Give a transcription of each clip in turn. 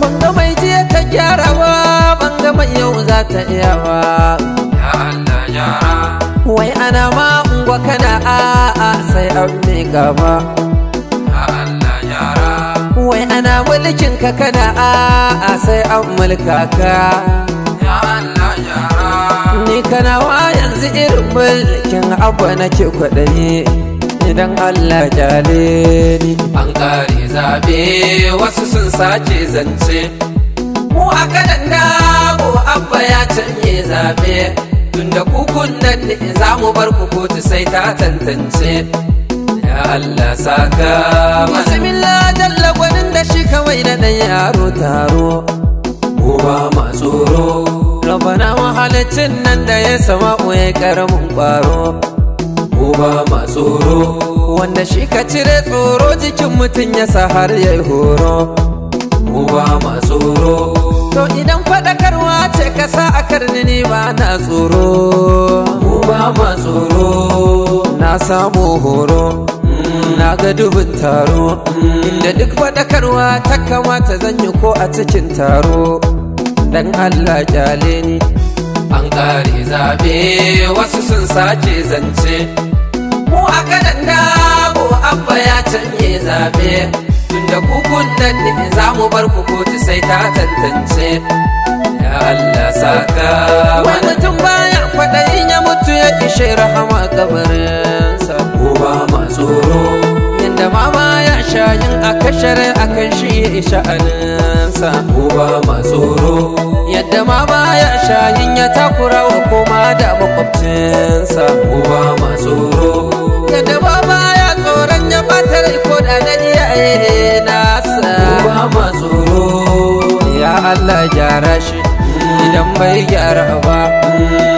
banga mai jiya ta gyara ba banga mai yau za ta iya ba Ya Allah wai ana ma ungwa kana a'a sai an miƙa ba wai ana mulkin ka kana a'a sai an mulka ka Ya Allah ni kana wa yanzu irin mulkin abu nake kwaɗaye idan Allah jale ni an kare zabe wasu sun sace zance mu a danna ko abba ya canye zabe tunda kukun nan ne za mu bar ku kotu sai ta tantance ya Allah saka bismillah jalla gwanin da shi kawai na dan yaro taro mu ba ma tsoro rabana mahalicin nan da ya sama'u ya karamin kwaro ba ma tsoro wanda shi ka cire tsoro jikin mutum ya sa har ya yi horo mu ba ma tsoro to idan faɗakarwa ce ka sa a karni ba na tsoro mu ba ma tsoro na samu horo mm. na ga dubin taro mm. inda duk faɗakarwa ta kamata zan yi ko a cikin taro dan Allah kyale ni an ƙare zaɓe wasu sun sace zance Ku a danna ko abba ya canye zaɓe. Tunda kukun nan ne za mu bar ku kotu sai ta tantance. Ya Allah saka. Wani tun baya kwaɗayin ya mutu ya ishe rahama sa Ko ba ma tsoro. da mama ya shayin a kashar a kan shi ya ko ba uba matsoro yadda mama ya shayin ya takura wa koma da makwabcinsa uba ro yadda mama ya tsoron ya batar iko da na iyaye nasa uba ro ya Allah gyara shi idan bai gyara ba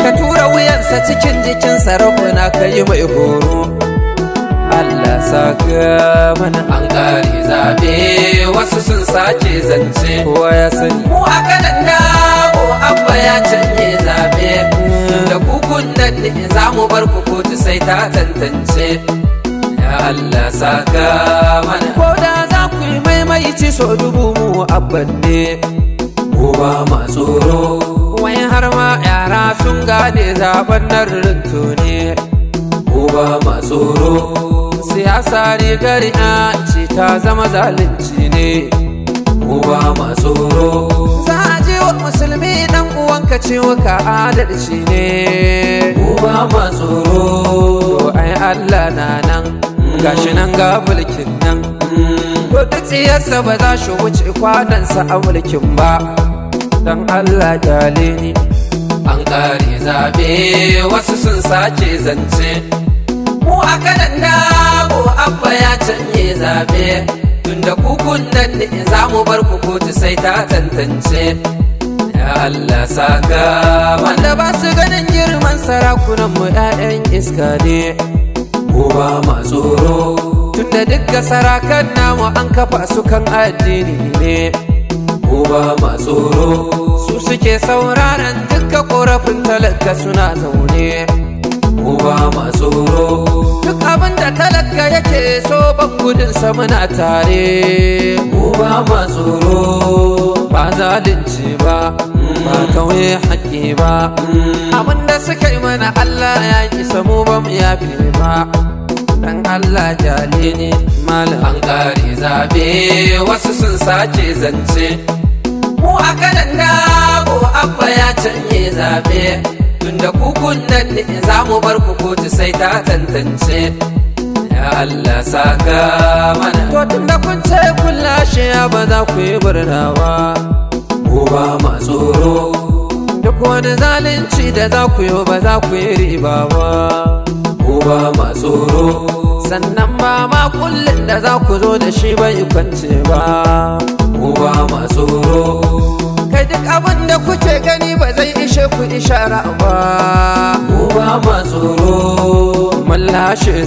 ka tura wuyansa cikin jikin sarakuna ka yi mai horo Allah saka mana an kare zabe wasu sun sace zance kowa ya sani mu a danna ko abba ya canje zabe mm. da kukun nan ne za mu bar ku kotu sai ta tantance ya Allah saka mana ko da za ku yi maimaici so dubu mu abban ne mu ba ma tsoro wai har ma yara sun gane zaben nan ne mu ma tsoro siyasa rigar na ce ta zama zalunci ne mu ba ma tsoro za a ji wa musulmi dan uwanka ciwo ka adalci ne mu ba ma tsoro ai Allah na nan gashi nan ga mulkin nan ko duk siyasa ba za shi wuce kwadansa a mulkin ba dan Allah dale ni an kare zabe wasu sun sake zance ku a kanan da abba ya canye zabe tunda kukun nan ne za mu bar ku kotu sai ta tantance ya Allah saka wanda ba su ganin girman sarakunan mu 'ya'yan iska ne ko ba ma tsoro tunda dukkan sarakan namu an kafa su kan addini ne ko ba ma tsoro su suke sauraron dukkan korafin talaka suna zaune ko ba ma tsoro abun da talaka yake so ban gudun sa muna tare mu ba ma tsoro ba zalunci ba ba kawai haƙƙi ba abin da suka yi mana Allah ya yi samu ba mu yafe ba dan Allah jale ne malam an ƙare zabe wasu sun sace zance mu a danga ko abba ya canye zabe da kukun nan ne za mu bar ku kotu sai ta tantance ya Allah saka mana to tun da kun ce kun lashe ba za ku yi birna ba ba ma tsoro duk wani zalunci da za ku yi ba za ku yi riba ba mu ba ma tsoro sannan ba ma kullum da za ku zo da shi bai kwance ba ko ba ma tsoro duk abin da kuke gani ba zai ishe ku ishara ba mu ba ma tsoro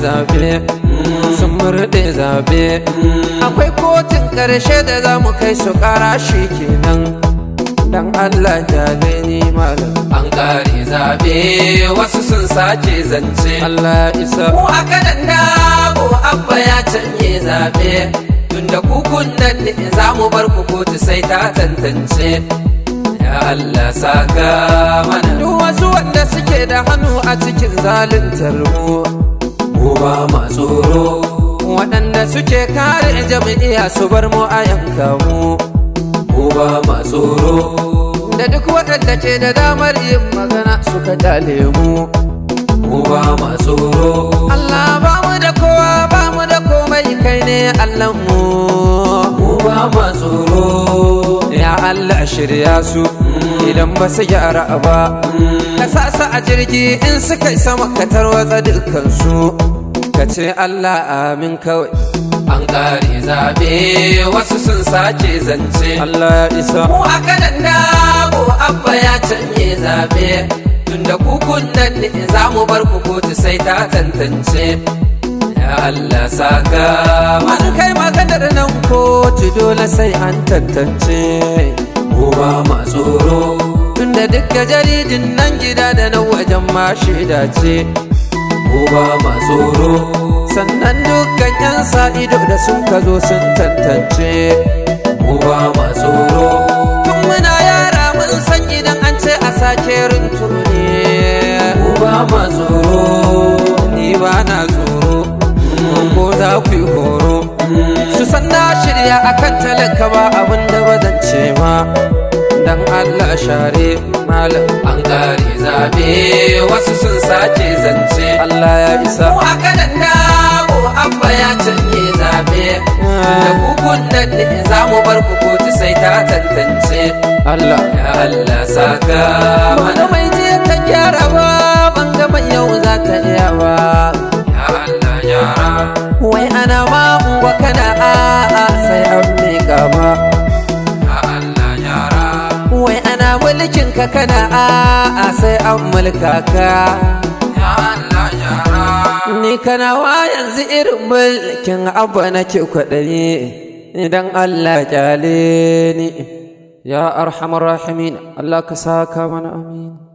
zabe mm. sun murɗe zabe mm. akwai kotun ƙarshe da za mu kai su ƙara shi kenan dan Allah ya ni malam an kare zabe wasu sun sace zance Allah isa mu a kanan ko abba ya canye zabe tunda kukun nan ne za mu bar ku kotu sai ta tantance Allah saka mana duk wasu wanda suke da hannu a cikin zaluntar mu mu ba ma tsoro waɗanda suke kare jami'a su bar mu a yanka mu mu ba ma tsoro da duk waɗanda ke da damar yin magana suka dale mu mu ba ma tsoro Allah ba mu da kowa ba mu da komai kai ne Allah mu mu ba ma tsoro ya Allah shirya su idan ba su gyara ba ka sasa a jirgi in suka sama ka tarwatsa su. ka ce Allah amin kawai an ƙare zaɓe wasu sun sace zance Allah ya isa mu a kanan ko abba ya canye zaɓe tunda kukun nan ne za mu bar ku kotu sai ta tantance Ya Allah saka an kai maganar nan kotu dole sai an tantance kuma ba ma da duka jaridin nan gida da nan wajen ma shaida ce Uba ma tsoro sannan dukkan yan sa ido da sun ka zo sun tantance Uba ma tsoro tun muna yara mun san idan an ce a sake rintu ne Uba ma tsoro ni ba na tsoro mm, ko za ku yi horo su san na shirya akan talaka ba abin da ba ma dan Allah share malam an kare zabe wasu sun sace zance Allah ya isa mu aka danna ko abba ya cinye zabe da kukun nan ne za mu bar ku koti sai ta tantance Allah ya Allah saka mana mai je ta gyara ba ban ga mai yau za ta iya ba ya Allah ya wai ana ma ungwa kana a'a sai an mika ba. aikin ka kana a sai an mulka ka Ni wa yanzu irin mulkin abu nake kwaɗaye idan Allah ya ni ya arhamar rahimin Allah ka saka mana amin